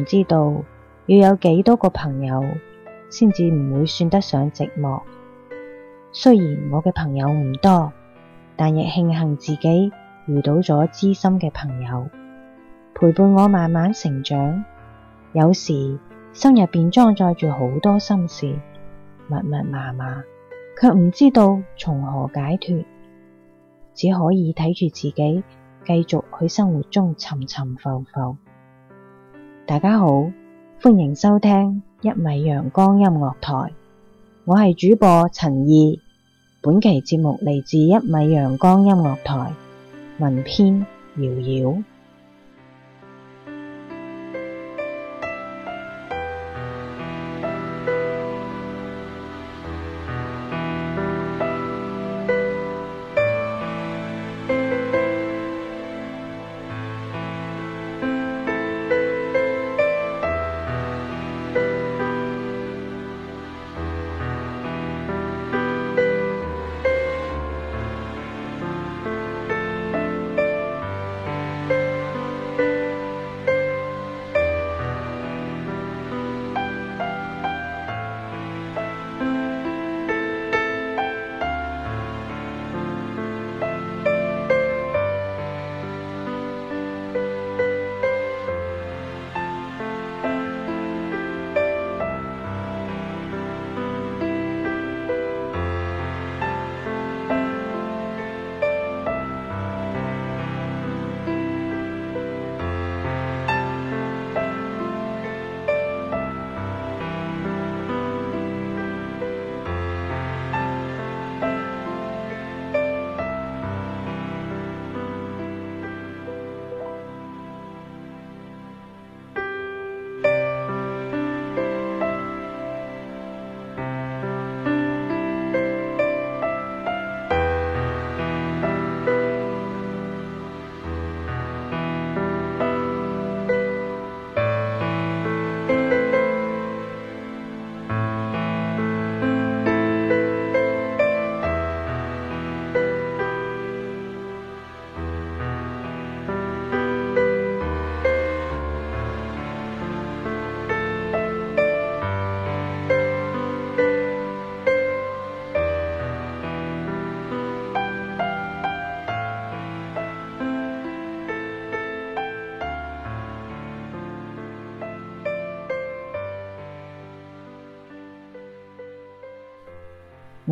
唔知道要有幾多個朋友，先至唔會算得上寂寞。雖然我嘅朋友唔多，但亦慶幸自己遇到咗知心嘅朋友，陪伴我慢慢成長。有時心入邊裝載住好多心事，密密麻麻，卻唔知道從何解脫，只可以睇住自己繼續去生活中沉沉浮浮。大家好，歡迎收聽一米陽光音樂台，我係主播陳懿，本期節目嚟自一米陽光音樂台文篇遙遙。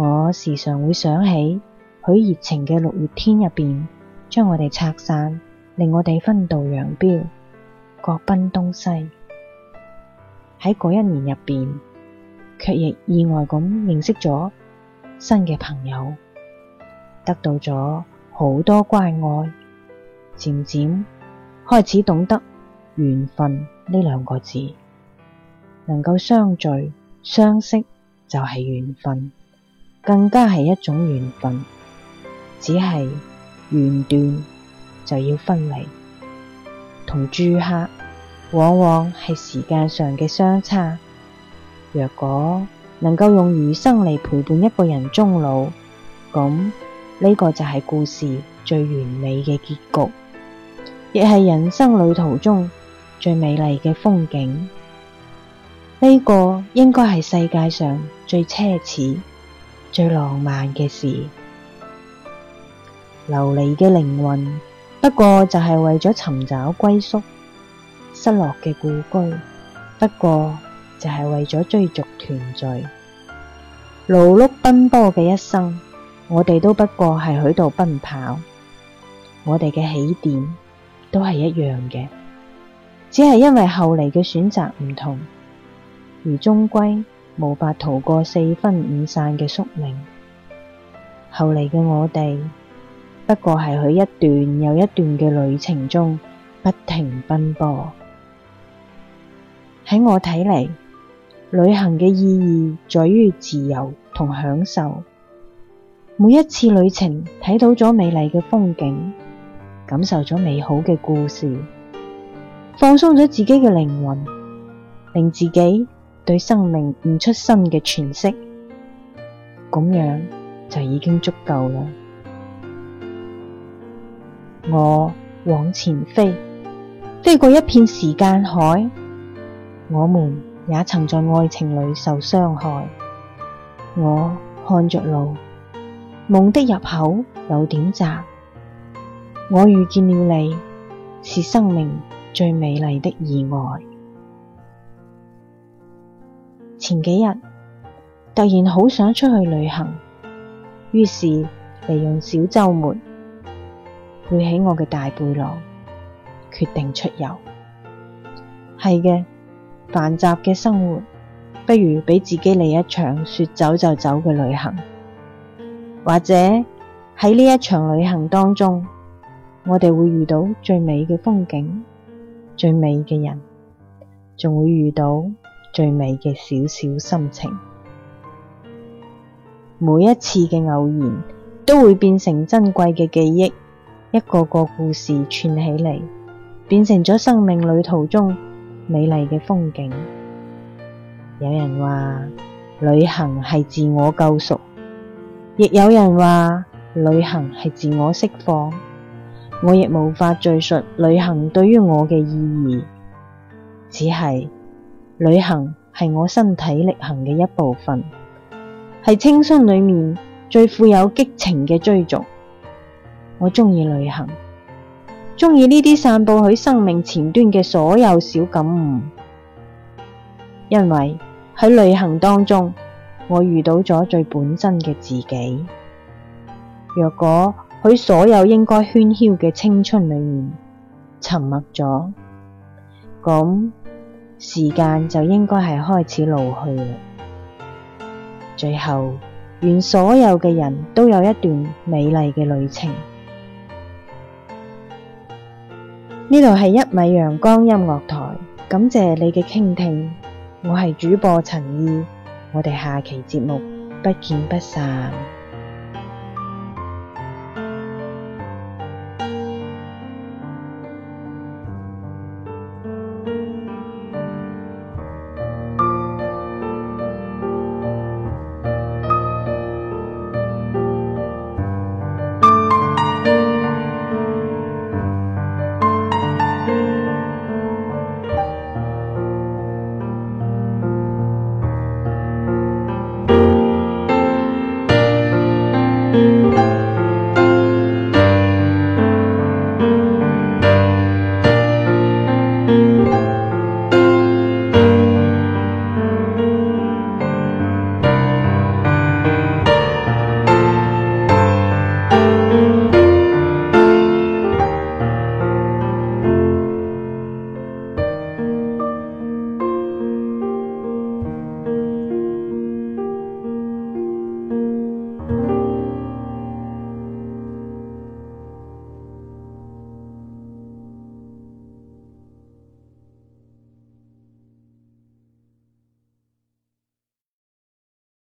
我時常會想起許熱情嘅六月天入邊，將我哋拆散，令我哋分道揚鑣，各奔東西。喺嗰一年入邊，卻亦意外咁認識咗新嘅朋友，得到咗好多關愛，漸漸開始懂得緣分呢兩個字，能夠相聚相識就係緣分。更加係一種緣分，只係緣斷就要分離。同住客往往係時間上嘅相差。若果能夠用餘生嚟陪伴一個人終老，咁呢個就係故事最完美嘅結局，亦係人生旅途中最美麗嘅風景。呢個應該係世界上最奢侈，最浪漫嘅事，流離嘅靈魂不過就係為咗尋找歸宿，失落嘅故居不過就係為咗追逐團聚，勞碌奔波嘅一生，我哋都不過係喺度奔跑，我哋嘅起點都係一樣嘅，只係因為後嚟嘅選擇唔同，而終歸。無法逃過四分五散嘅宿命。後嚟嘅我哋，不過係去一段又一段嘅旅程中不停奔波。喺我睇嚟，旅行嘅意義在於自由同享受。每一次旅程，睇到咗美麗嘅風景，感受咗美好嘅故事，放鬆咗自己嘅靈魂，令自己。對生命唔出新嘅詮釋，咁樣就已經足夠啦。我往前飛，飛過一片時間海。我們也曾在愛情裏受傷害。我看着路，夢的入口有點窄。我遇見了你，是生命最美麗的意外。前幾日突然好想出去旅行，於是利用小周末背起我嘅大背囊，決定出遊。係嘅，繁雜嘅生活，不如俾自己嚟一場說走就走嘅旅行。或者喺呢一場旅行當中，我哋會遇到最美嘅風景、最美嘅人，仲會遇到。最美嘅小小心情，每一次嘅偶然都會變成珍貴嘅記憶，一個個故事串起嚟，變成咗生命旅途中美麗嘅風景。有人話旅行係自我救贖，亦有人話旅行係自我釋放。我亦無法敘述旅行對於我嘅意義，只係。旅行係我身體力行嘅一部分，係青春裏面最富有激情嘅追逐。我鍾意旅行，鍾意呢啲散佈喺生命前端嘅所有小感悟，因為喺旅行當中，我遇到咗最本身嘅自己。若果喺所有應該喧囂嘅青春裏面沉默咗，咁。時間就應該係開始老去啦。最後，願所有嘅人都有一段美麗嘅旅程。呢度係一米陽光音樂台，感謝你嘅傾聽，我係主播陳懿，我哋下期節目不見不散。